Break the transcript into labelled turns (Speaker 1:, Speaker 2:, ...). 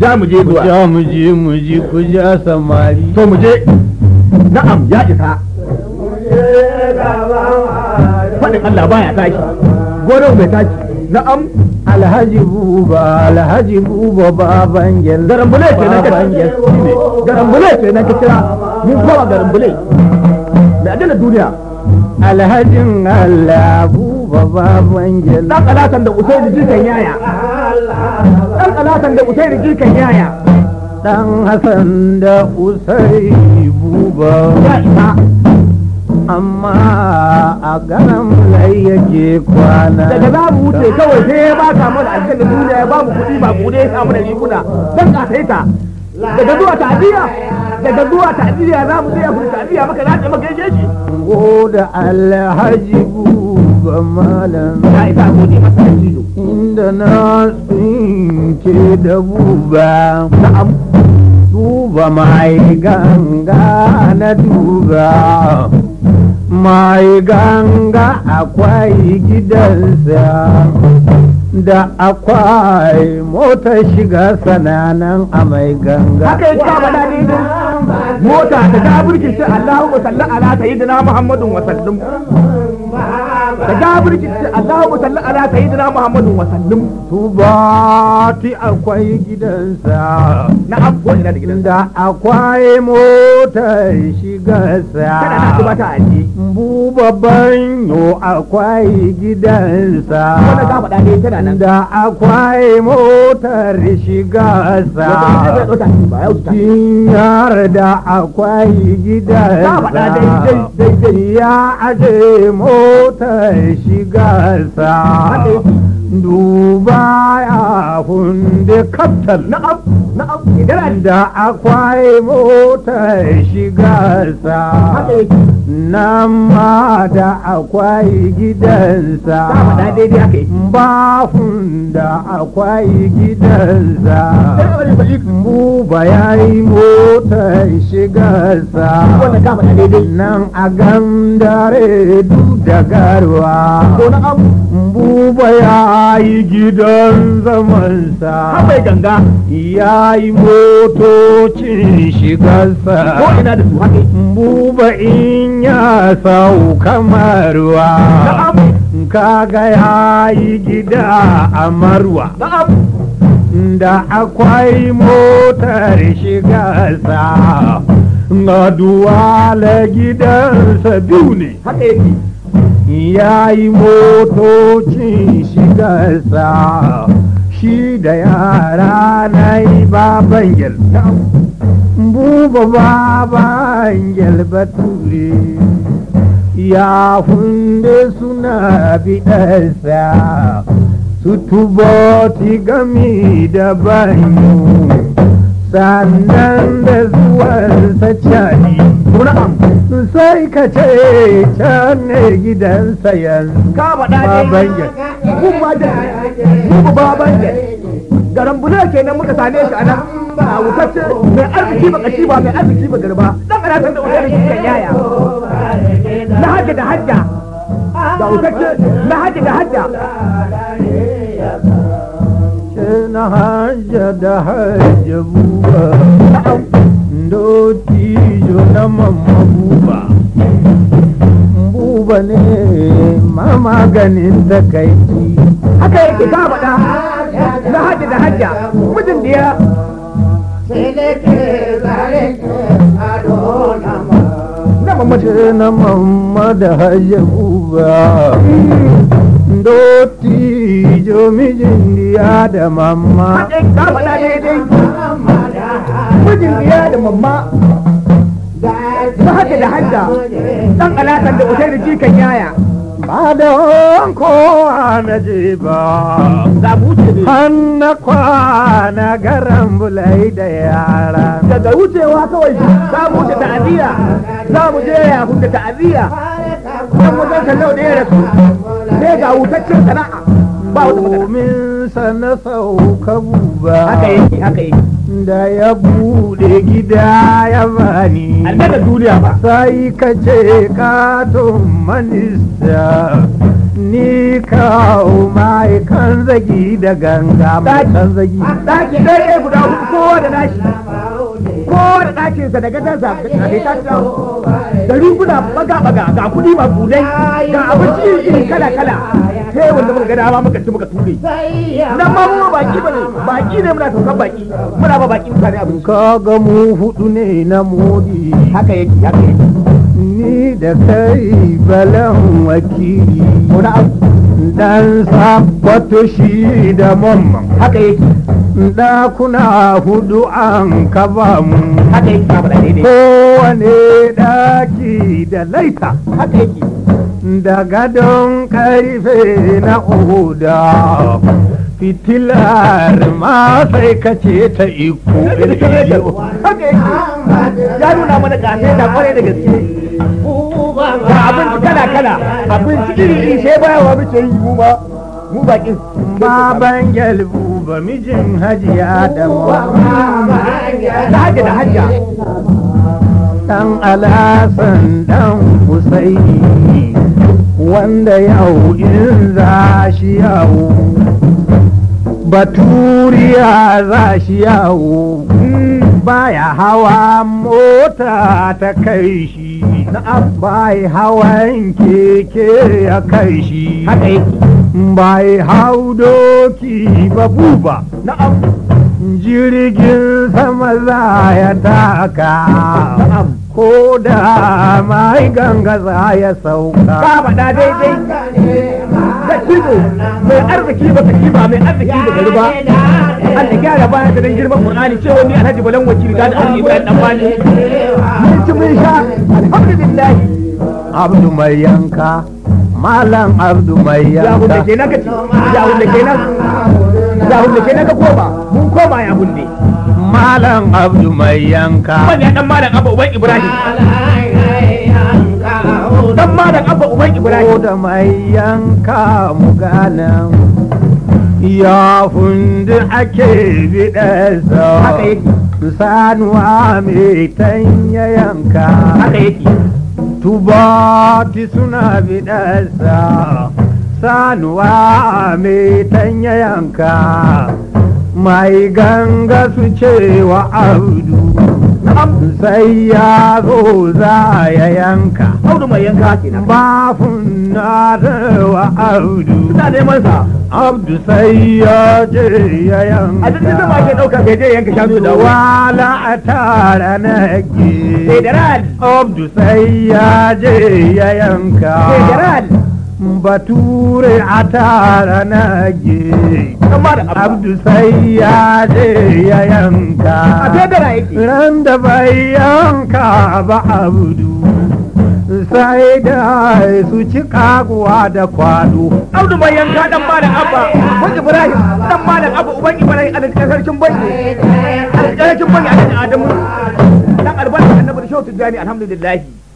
Speaker 1: ja mu je zuwa ja mu je mu je ku ja samari to mu je na'am ya isa faɗin Allah baya tashi goro bai tashi na'am alhaji buba alhaji buba baban gel garambule ce nake kira. garambule ce nake kira mun kowa garambule da adana duniya alhajin Allah buba baban gel dan alatan da usaini jikan yaya Allah alatan da usaini kan yaya dan hasan da usai buba amma a ganin lai yake kwana daga za mu wuce kawai sai ya baka mana alƙalin duniya ya mu kuɗi ba kuɗe ya samu da riguna zan ta. daga zuwa ta'adiyya. daga zuwa ta'adiyya za mu je ya fi ta'adiyya maka za maka yake shi ko da alhaji bu babban malam inda na tsinke da buba duba mai ganga na duba mai ganga akwai gidansa da akwai motar shiga sananan a mai ganga mota ta ta burki ce Allahumma salli ala sayyidina Muhammadun wa sallim ta ta burki ce Allahumma salli ala sayyidina Muhammadun wa sallim tubati akwai gidansa na abuwa ina da gidansa da akwai motar shigarsa kada na tubata ta aje Gambu babban yo akwai gidansa da akwai motar shigarsa jinyar da akwai gidansa ya aje motar shigarsa duba ya hunde kaftar na'am na'am da akwai motar shigarsa nan ma da akwai gidansa bafun da akwai gidansa buba ya mota motar shigarsa nan a gandare duk da garwa buba ya yi gidan zamansa haɓai ganga ya yi motocin shigarsa ko ina da su haɗe buba in ya sau kamarwa kaga ya yi gida a marwa da akwai motar shigarsa ga duwala gidansa biyu ne haɗe ya yi motocin shigarsa shi da yara na yi baban yalta buba baban yalba ture ya hunde suna biɗarsa su ti gami da banyu sannan da zuwan sa cani sai ka ce can ne gidansa yanzu baban ya kuma baban ya garan bula kenan muka same shi a nan. a wutacce mai arziki ba kashi ba mai arziki ba garba dan ana san da wani kan yaya na hajja da hajja da wutacce na hajja da hajja na hajja da hajja buba dotijo na mama buba buba ne ma maganin da kai
Speaker 2: haka yake ta faɗa na hajja da hajja
Speaker 1: mijin diya na mama, da hajja buba doti jo mijin diya da mamma ka faɗa daidai mijin diya da mamma ba haka da hadda ɗan alasan da wutar da jikan yaya ba da kowa na je ba an kwana garan bulai da yara daga wucewa kawai za mu wuce ta'aziyya za mu je ya hunda ta'aziyya don mu zan kallau da ya rasu sai ga wutaccen sana'a ba wata magana sana sauka buba haka yake haka yake da ya bude gida ya bani duniya ba sai ka ce katon manista ni kawo mai kan zagi da ganga mai kan zagi ah, daki dai guda kowa da nashi kowa da dakinsa da gadansa a bai ta da rufuna baga baga ga kuɗi ba budai ga abinci irin kala kala sai wanda muka gada ba muka ci muka ture na ma mu baki bane baki ne muna tausan baki muna ba baki mutane ka kaga mu hudu ne na modi haka yake haka yake ni da kai balan wakili dan sabbato shi da mamman haka yake ɗakuna hudu an kaba mu kowane ɗaki da laita da gadon karfe na oda fitilar ma sai ka ce ta iko ya nuna mana kwarai da gaske ga abinci kala kala abinci iri sai baya wa muke yi mu ba mu bakin baban gelbu ba mijin hajiya da ne. dan alasan dan husaini wanda yau in za shi yawo baturiya za shi yawo mm, baya hawa mota ta kai shi na bai hawan keke ya kai shi bai hau doki ba buba am jirgin sama za ya taka ko da mai ganga za ya sauka ka faɗa daidai da kibo mai arziki ba ka kiba mai arziki da gari ba Allah gyara baya da dan girman Qur'ani cewa ni Alhaji Balan Wakili da Ali Ibrahim dan Bani mun ci mun sha alhamdulillah abdu mai yanka malam abdu mai yanka ya hunde kenan ka ya hunde kenan ya hunde kenan ka koma mun koma ya hunde malam abdu mai yanka ban ya dan malam abu uban ibrahim dan malam abu uban ibrahim da mai yanka mu ganan ya fundi ake bida biɗarsa haka yake sanuwa mai tanya yanka haka yake tubati suna bidarsa sanuwa mai tanya yanka mai ganga su ce wa Abdu, sai ya zo za ya yanka audu mai yanka na da wa Abdu, sa abdu sai ya je ya yanka da ke dauka je yanka shanu da wala a tara na ke federal abdu sai ya je ya yanka federal bature a tara na ge abdu sai ya je ya yanka ran da bai yanka ba abdu sai da su ci kaguwa da kwado abdu bai yanka dan da abba ko ibrahim dan malam abba uban ibrahim a sarkin banki a sarkin banki a adamu شوط الثاني الحمد لله